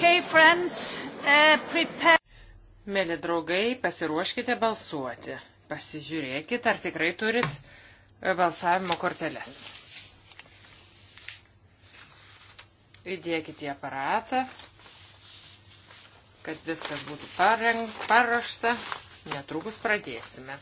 Okay, friends, uh, prepare... Mėly draugai, pasiruoškite balsuoti. Pasižiūrėkit, ar tikrai turit uh, balsavimo korteles. Įdėkite į aparatą, kad viskas būtų pareng, paruošta. Netrukus pradėsime.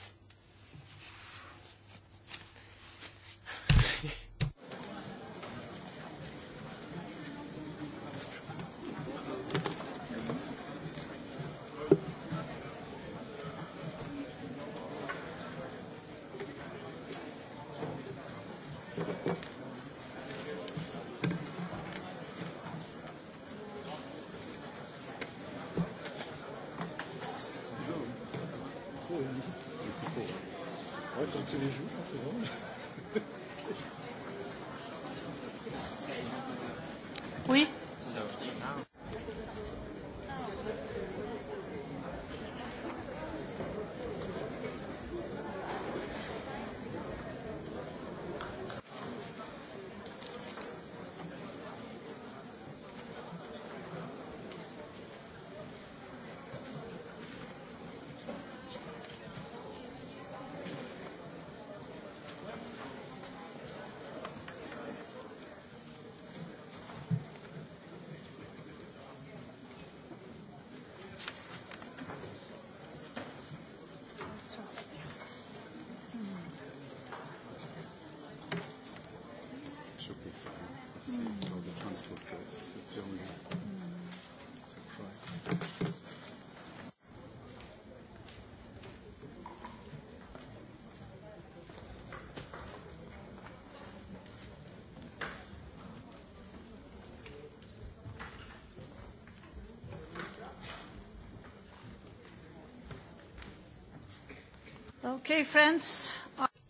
Okay, friends.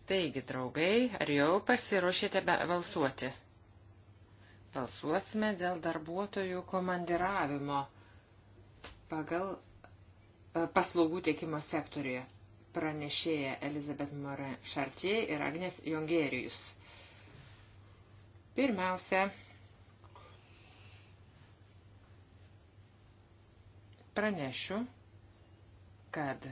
Taigi, draugai, ar jau pasiruošėte balsuoti? Balsuosime dėl darbuotojų komandiravimo pagal e, paslaugų teikimo sektoriuje pranešėja Elizabeth Morin Chartier ir Agnes Jongerijus. Pirmiausia, pranešiu, kad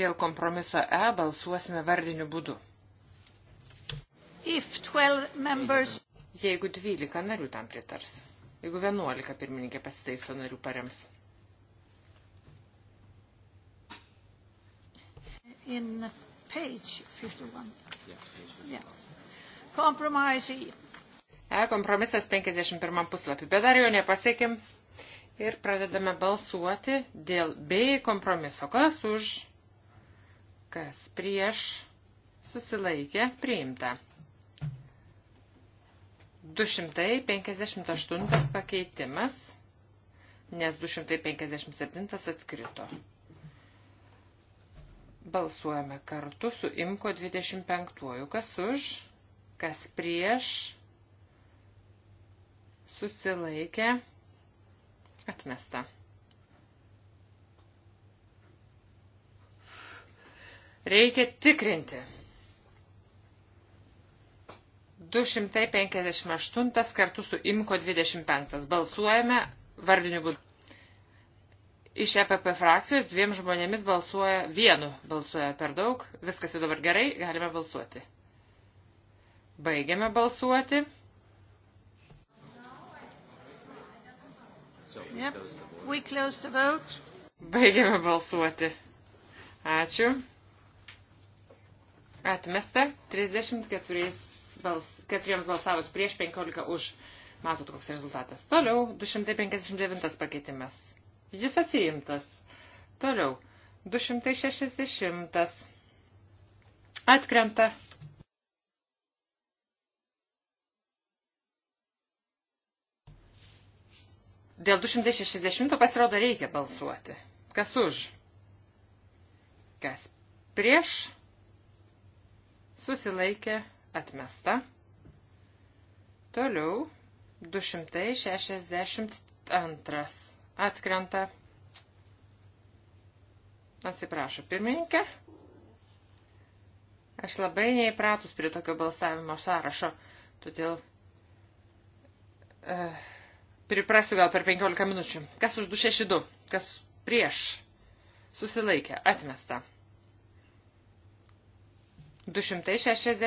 Dėl kompromiso E balsuosime vardiniu būdu. Members... Jeigu 12 narių tam pritars. Jeigu 11 pirmininkė pasitaiso narių parems. In page 51. Yeah. Compromise E. E kompromisas 51 puslapį, bet dar jo nepasiekim. Ir pradedame balsuoti dėl B kompromiso. Kas už Kas prieš susilaikė priimta. 258 pakeitimas, nes 257 atkrito. Balsuojame kartu su Imko 25. Kas už, kas prieš, susilaikė, atmesta. Reikia tikrinti. 258 kartu su IMKO 25. Balsuojame vardiniu būdu. Iš EPP frakcijos dviem žmonėmis balsuoja vienu. Balsuoja per daug. Viskas jau dabar gerai. Galime balsuoti. Baigiame balsuoti. Yep. Baigiame balsuoti. Ačiū. Atmesta 34 bals, balsavus prieš 15 už. Matot, koks rezultatas. Toliau 259 pakeitimas. Jis atsiimtas. Toliau 260. Atkrenta. Dėl 260 pasirodo reikia balsuoti. Kas už? Kas prieš? susilaikė atmesta. Toliau 262 atkrenta. Atsiprašau, pirmininkė. Aš labai neįpratus prie tokio balsavimo sąrašo, todėl e, priprasiu gal per 15 minučių. Kas už 262, kas prieš, susilaikė, atmesta. 261.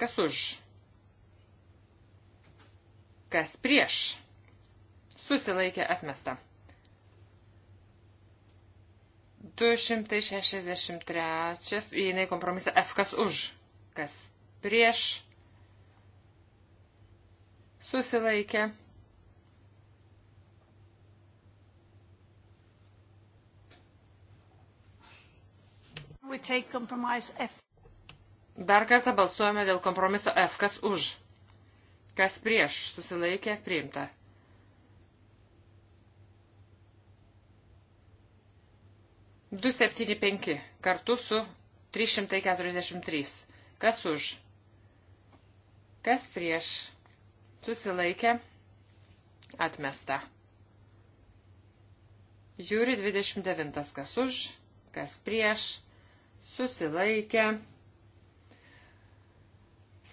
Kas už? Kas prieš? Susilaikė atmesta. 263. Įeina į kompromisą F. Kas už? Kas prieš? Susilaikė. We take compromise F. Dar kartą balsuojame dėl kompromiso F. Kas už? Kas prieš? Susilaikė? Priimta. Du septyni penki kartu su 343. Kas už? Kas prieš? Susilaikė? Atmesta. Jūri 29. Kas už? Kas prieš? Susilaikė?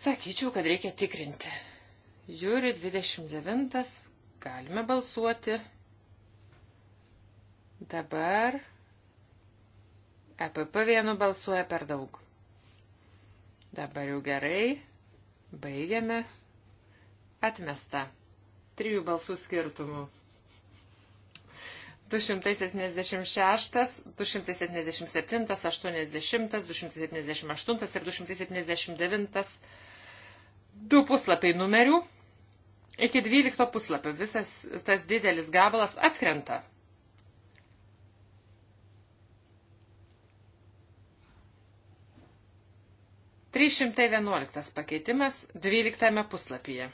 Sakyčiau, kad reikia tikrinti. Jūri 29. Galime balsuoti. Dabar EPP vienu balsuoja per daug. Dabar jau gerai. Baigiame. Atmesta. Trijų balsų skirtumų. 276, 277, 80, 278 ir 279 Du puslapiai numerių. Iki 12 puslapio visas tas didelis gabalas atkrenta. Trys šimtai vienuoliktas pakeitimas dvyliktame puslapyje.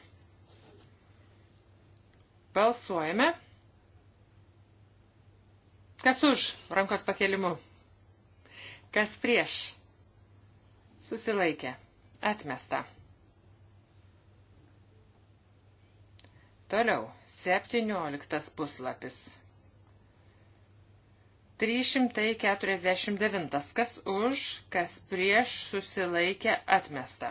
Balsuojame. Kas už rankos pakelimu? Kas prieš? Susilaikė. Atmesta. Toliau, 17 puslapis. 349. Kas už, kas prieš susilaikė atmesta.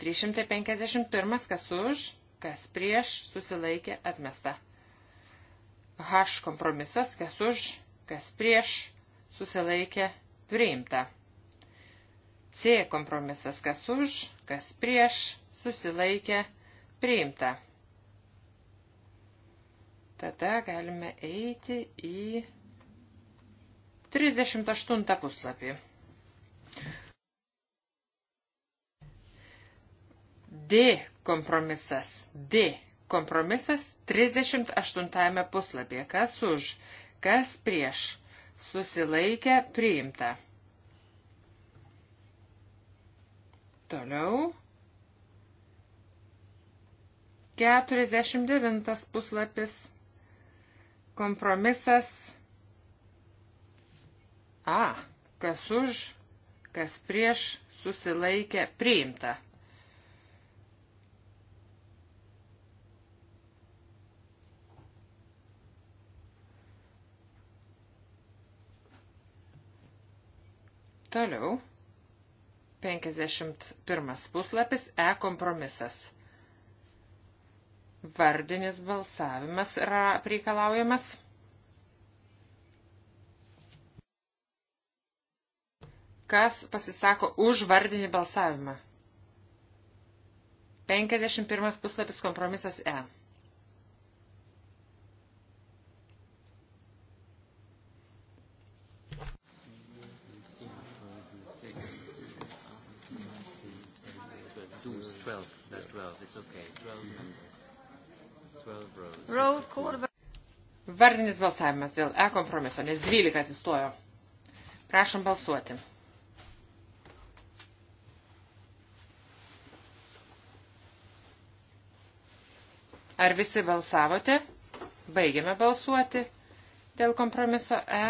351. Kas už, kas prieš susilaikė atmesta. H kompromisas, kas už, kas prieš susilaikė priimta. C kompromisas, kas už, kas prieš susilaikė priimta priimta. Tada galime eiti į 38 puslapį. D kompromisas. D kompromisas 38 puslapyje. Kas už, kas prieš. Susilaikę priimta. Toliau 49 puslapis. Kompromisas. A. Kas už, kas prieš susilaikė priimta. Toliau. 51 puslapis E kompromisas. Vardinis balsavimas yra reikalaujamas. Kas pasisako už vardinį balsavimą? 51 puslapis kompromisas E. Twelve. That's twelve. It's okay. Twelve members. Vardinis balsavimas dėl E kompromiso, nes 12 atsistojo. Prašom balsuoti. Ar visi balsavote? Baigiame balsuoti dėl kompromiso E.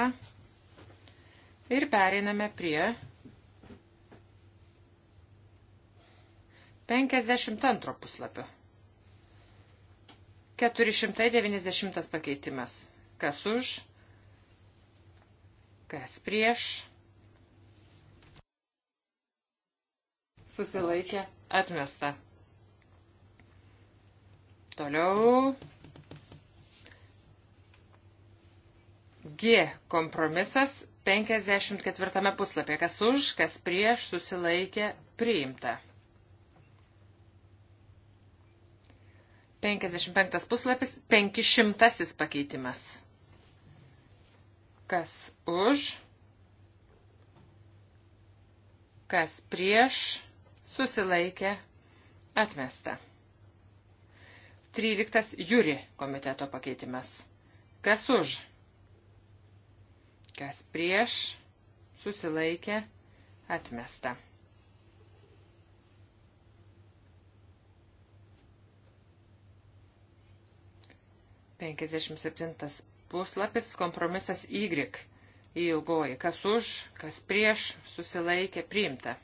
Ir pereiname prie 52 puslapio. 490 pakeitimas. Kas už, kas prieš, susilaikė, atmesta. Toliau. G kompromisas 54 puslapė. Kas už, kas prieš, susilaikė, priimta. 55 puslapis, 500 pakeitimas. Kas už, kas prieš, susilaikė, atmesta. 13 jūri komiteto pakeitimas. Kas už, kas prieš, susilaikė, atmesta. 57 puslapis, kompromisas Y į ilgoji. Kas už, kas prieš, susilaikė, priimta.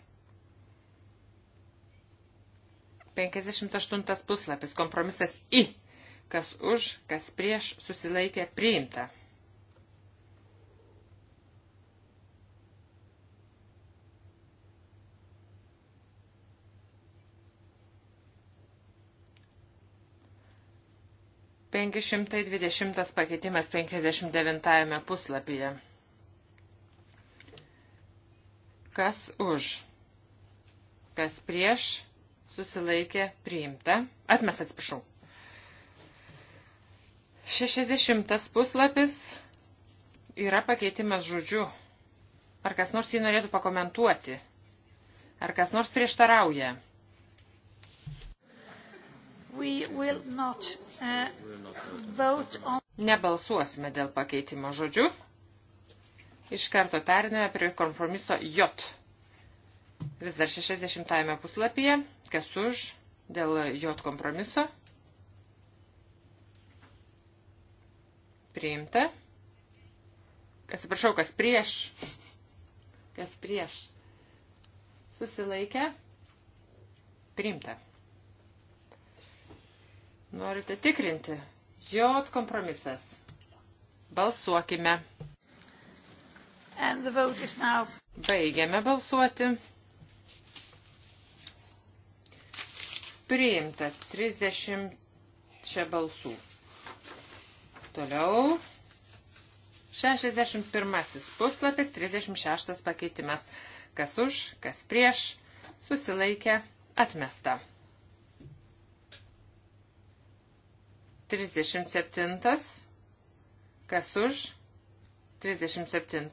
58 puslapis, kompromisas I. Kas už, kas prieš, susilaikė, priimta. 520 pakeitimas 59 puslapyje. Kas už? Kas prieš? Susilaikė priimta. Atmes atsiprašau. 60 puslapis yra pakeitimas žodžiu. Ar kas nors jį norėtų pakomentuoti? Ar kas nors prieštarauja? We will not Uh, Nebalsuosime dėl pakeitimo žodžių. Iš karto periname prie kompromiso J. Vis dar 60 puslapyje. Kas už dėl J kompromiso? Priimta. Atsiprašau, kas prieš? Kas prieš? Susilaikę? Priimta. Norite tikrinti? Jot kompromisas. Balsuokime. And the vote is now. Baigiame balsuoti. Priimta 30 čia balsų. Toliau. 61 puslapis, 36 pakeitimas. Kas už, kas prieš, susilaikė, atmesta. 37. Kas už? 37.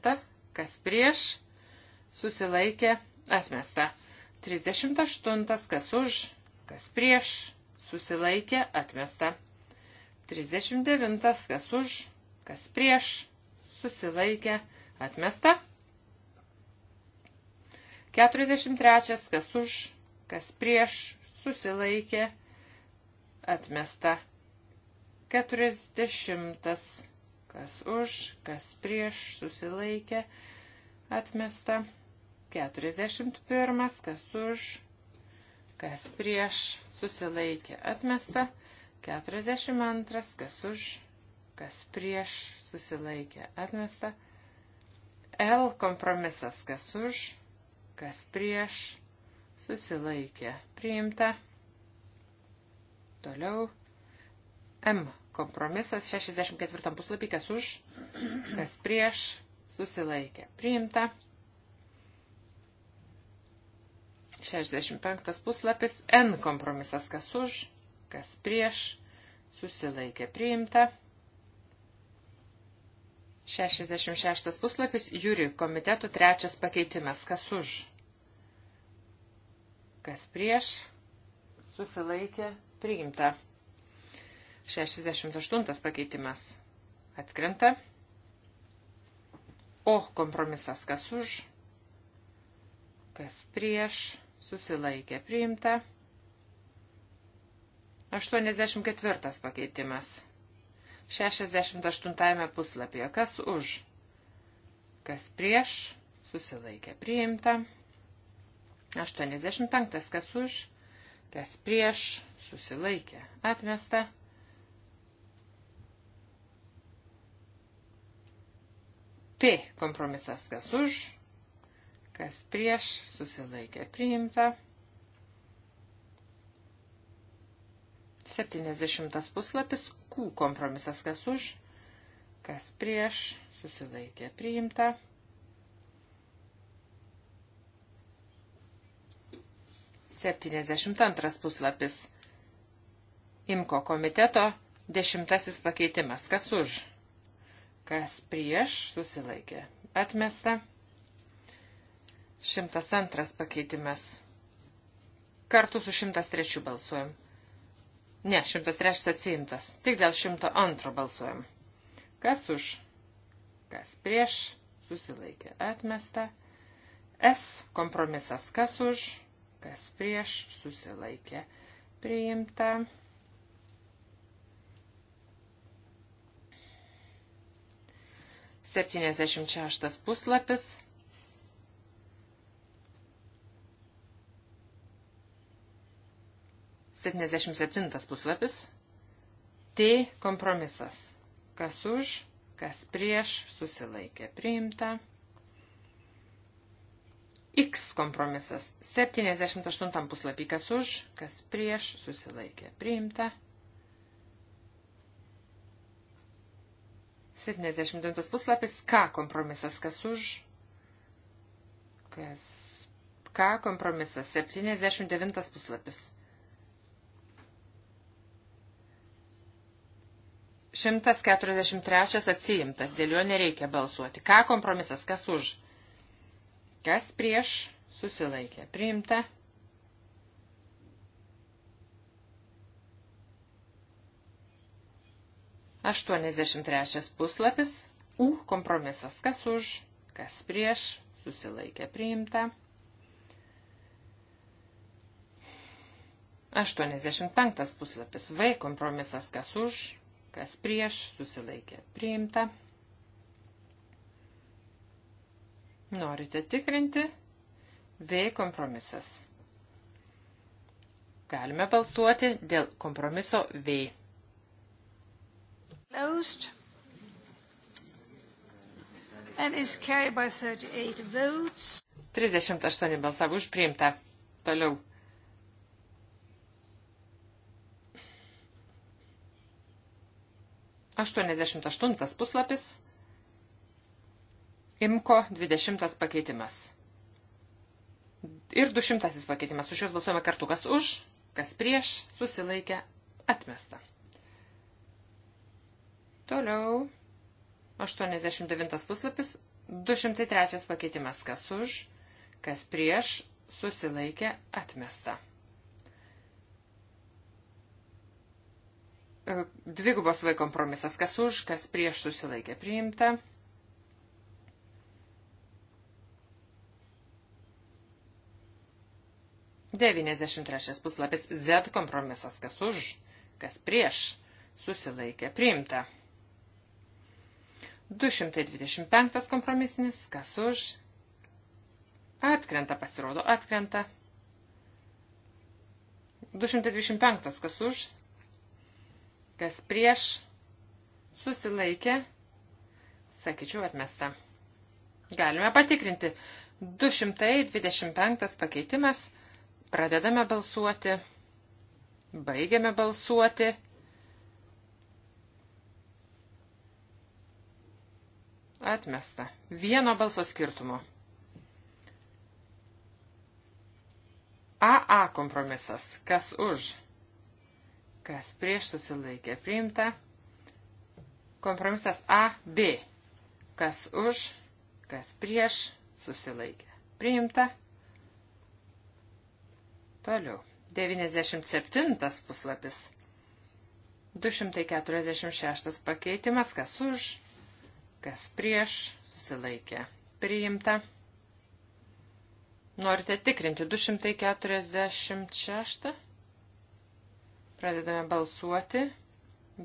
Kas prieš? Susilaikė. Atmesta. 38. Kas už? Kas prieš? Susilaikė. Atmesta. 39. Kas už? Kas prieš? Susilaikė. Atmesta. 43. Kas už? Kas prieš? Susilaikė. Atmesta. 40. Kas už, kas prieš, susilaikė, atmesta. 41. Kas už, kas prieš, susilaikė, atmesta. 42. Kas už, kas prieš, susilaikė, atmesta. L kompromisas, kas už, kas prieš, susilaikė, priimta. Toliau M kompromisas 64 puslapį, kas už, kas prieš, susilaikė. Priimta. 65 puslapis N kompromisas, kas už, kas prieš, susilaikė. Priimta. 66 puslapis Jūri komitetų trečias pakeitimas, kas už, kas prieš, susilaikė. Priimta. 68 pakeitimas atkrenta. O kompromisas kas už, kas prieš, susilaikė priimta. 84 pakeitimas. 68 puslapyje kas už, kas prieš, susilaikė priimta. 85 kas už, kas prieš, susilaikė atmesta. P kompromisas kas už, kas prieš, susilaikė priimta. 70 puslapis Q kompromisas kas už, kas prieš, susilaikė priimta. Septyniasdešimt antras puslapis. Imko komiteto dešimtasis pakeitimas. Kas už? kas prieš susilaikė atmesta. 102 pakeitimas. Kartu su 103 balsuojam. Ne, 103 atsiimtas. Tik dėl 102 balsuojam. Kas už? Kas prieš? Susilaikė atmesta. S kompromisas. Kas už? Kas prieš? Susilaikė priimta. 76 puslapis. Septyniasdešimt septintas puslapis. T kompromisas. Kas už, kas prieš, susilaikė priimta. X kompromisas. 78 puslapį kas už, kas prieš, susilaikė priimta. 79 puslapis, ką kompromisas, kas už, kas, ką kompromisas, 79 puslapis. 143 atsiimtas, dėl jo nereikia balsuoti. Ką kompromisas, kas už, kas prieš, susilaikė, priimta. 83 puslapis, U kompromisas, kas už, kas prieš, susilaikė priimta. 85 puslapis, V kompromisas, kas už, kas prieš, susilaikė priimta. Norite tikrinti? V kompromisas. Galime balsuoti dėl kompromiso V. Closed. And is carried by 38 votes. 38 balsavo už priimta. Toliau. Aštuoniasdešimt aštuntas puslapis. Imko dvidešimtas pakeitimas. Ir dušimtasis pakeitimas. Už juos balsuojame kartu. Kas už, kas prieš, susilaikę, atmesta. Toliau 89 puslapis, 203 pakeitimas, kas už, kas prieš, susilaikė, atmesta. E, dvigubos vai kompromisas, kas už, kas prieš, susilaikė, priimta. Devyniasdešimt trečias puslapis Z kompromisas, kas už, kas prieš, susilaikė, priimta. 225 kompromisinis, kas už, atkrenta, pasirodo, atkrenta. 225 kas už, kas prieš, susilaikė, sakyčiau, atmesta. Galime patikrinti. 225 pakeitimas. Pradedame balsuoti. Baigiame balsuoti. Atmesta. Vieno balso skirtumo. AA kompromisas. Kas už? Kas prieš susilaikė? Priimta. Kompromisas AB. Kas už? Kas prieš susilaikė? Priimta. Toliau. 97 puslapis. 246 pakeitimas. Kas už? kas prieš, susilaikė, priimta. Norite tikrinti 246? Pradedame balsuoti,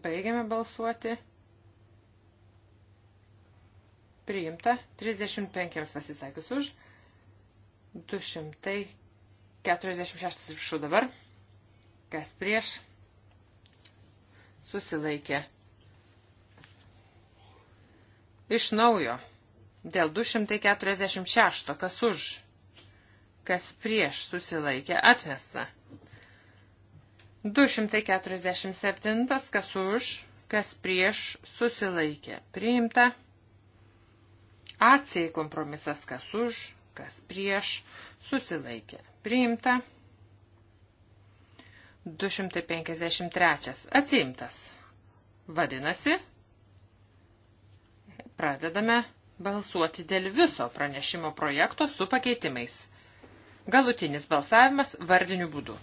baigiame balsuoti. Priimta 35 pasisakius už, 246 viršų dabar, kas prieš, susilaikė Iš naujo. Dėl 246. Kas už? Kas prieš susilaikė? Atmesta. 247. Kas už? Kas prieš susilaikė? Priimta. Atsiai kompromisas. Kas už? Kas prieš susilaikė? Priimta. 253. Atsiimtas. Vadinasi, Pradedame balsuoti dėl viso pranešimo projekto su pakeitimais. Galutinis balsavimas vardiniu būdu.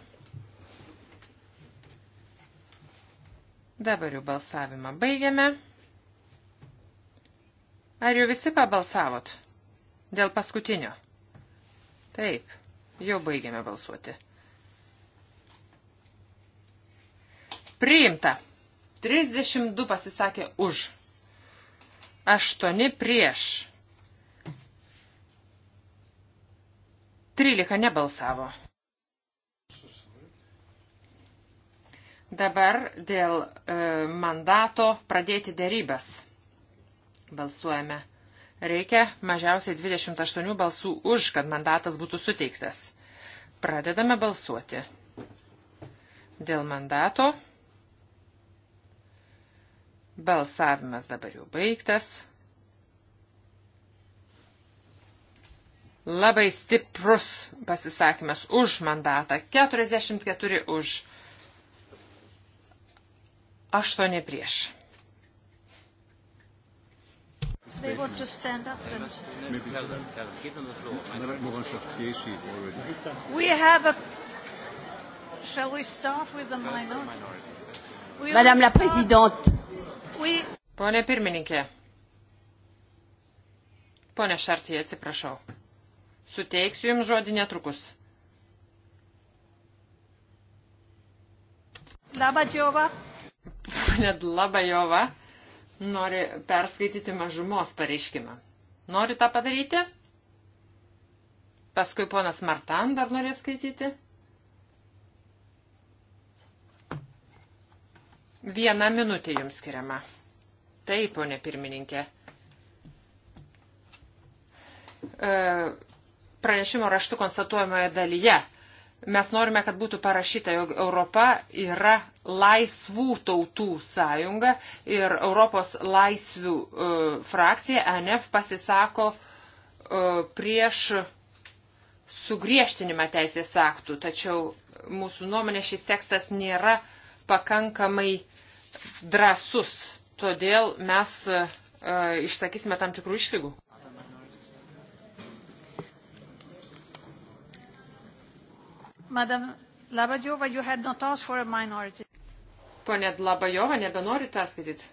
Dabar jau balsavimą baigiame. Ar jau visi pabalsavot? Dėl paskutinio. Taip, jau baigiame balsuoti. Priimta. 32 pasisakė už. 8 prieš. 13 nebalsavo. Dabar dėl e, mandato pradėti dėrybas. Balsuojame. Reikia mažiausiai 28 balsų už, kad mandatas būtų suteiktas. Pradedame balsuoti. Dėl mandato Balsavimas dabar jau baigtas. Labai stiprus pasisakymas už mandatą. 44 už. 8 prieš. They want to stand up and... Maybe tell them, tell them. Give them the floor. We have a... Shall we start with the minority? Madame la Présidente, Oui. Pone pirmininkė. Pone Šartija, atsiprašau. Suteiksiu jums žodį netrukus. Labadžiova. Net Labajova nori perskaityti mažumos pareiškimą. Nori tą padaryti? Paskui ponas Martan dar norės skaityti. Viena minutė jums skiriama. Taip, ponė pirmininkė. E, pranešimo raštu konstatuojamoje dalyje mes norime, kad būtų parašyta, jog Europa yra laisvų tautų sąjunga ir Europos laisvių e, frakcija ANF pasisako e, prieš sugriežtinimą teisės aktų, tačiau mūsų nuomonė šis tekstas nėra uh, pakankamai drasus, todėl mes uh, išsakysime tam tikrų išlygų. Madam Labajova, you had not asked for a minority. Pone Labajova, nebenorit perskaityti?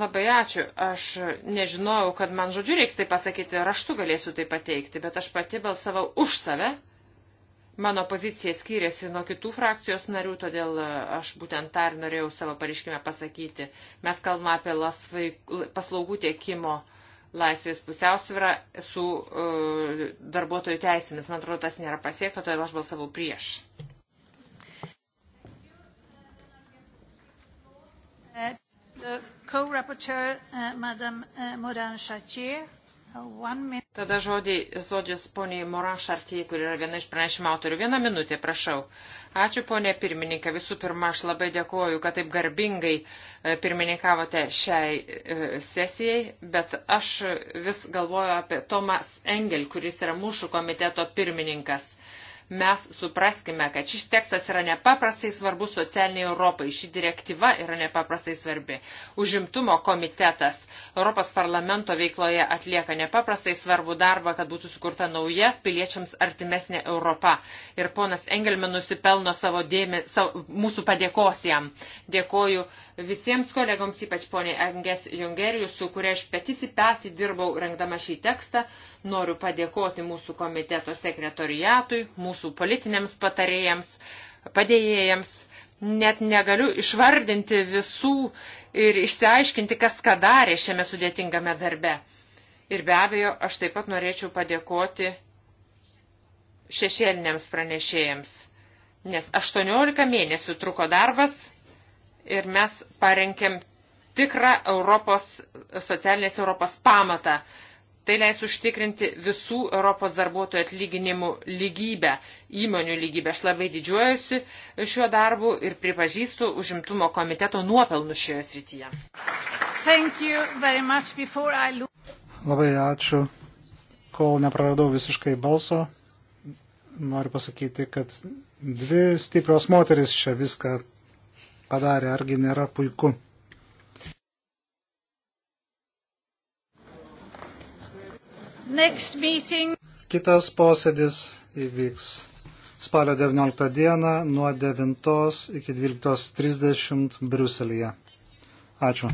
Labai ačiū. Aš nežinojau, kad man žodžiu reiks tai pasakyti, raštu galėsiu tai pateikti, bet aš pati balsavau už save Mano pozicija skiriasi nuo kitų frakcijos narių, todėl e, aš būtent tą ir norėjau savo pareiškime pasakyti. Mes kalbame apie lasvai, paslaugų tiekimo laisvės pusiausvyrą su uh, darbuotojų teisėmis. Man atrodo, tas nėra pasiekta, todėl aš balsavau prieš. The e, co-rapporteur, uh, Madame uh, Moran Chartier. Tada žodį, žodis poniai Moran Šartijai, kur yra viena iš pranešimo autorių. Vieną minutę, prašau. Ačiū, ponė pirmininkė. Visų pirma, aš labai dėkuoju, kad taip garbingai e, pirmininkavote šiai e, sesijai, bet aš vis galvoju apie Tomas Engel, kuris yra mūsų komiteto pirmininkas mes supraskime, kad šis tekstas yra nepaprastai svarbus socialiniai Europai, ši direktyva yra nepaprastai svarbi. Užimtumo komitetas Europos parlamento veikloje atlieka nepaprastai svarbu darbą, kad būtų sukurta nauja piliečiams artimesnė Europa. Ir ponas Engelman nusipelno savo dėmesį, savo, mūsų padėkos jam. Dėkoju visiems kolegoms, ypač poniai Engės Jungerijus, su kuria aš petys į petį dirbau rengdama šį tekstą. Noriu padėkoti mūsų komiteto sekretoriatui, mūsų mūsų politiniams patarėjams, padėjėjams. Net negaliu išvardinti visų ir išsiaiškinti, kas ką darė šiame sudėtingame darbe. Ir be abejo, aš taip pat norėčiau padėkoti šešėliniams pranešėjams, nes 18 mėnesių truko darbas ir mes parengėm tikrą Europos, socialinės Europos pamatą Tai leis užtikrinti visų Europos darbuotojų atlyginimų lygybę, įmonių lygybę. Aš labai didžiuojuosi šiuo darbu ir pripažįstu užimtumo komiteto nuopelnus šioje srityje. I... Labai ačiū. Kol nepraradau visiškai balso, noriu pasakyti, kad dvi stiprios moteris čia viską padarė, argi nėra puiku. Kitas posėdis įvyks spalio 19 dieną nuo 9 iki 12.30 Briuselėje. Ačiū.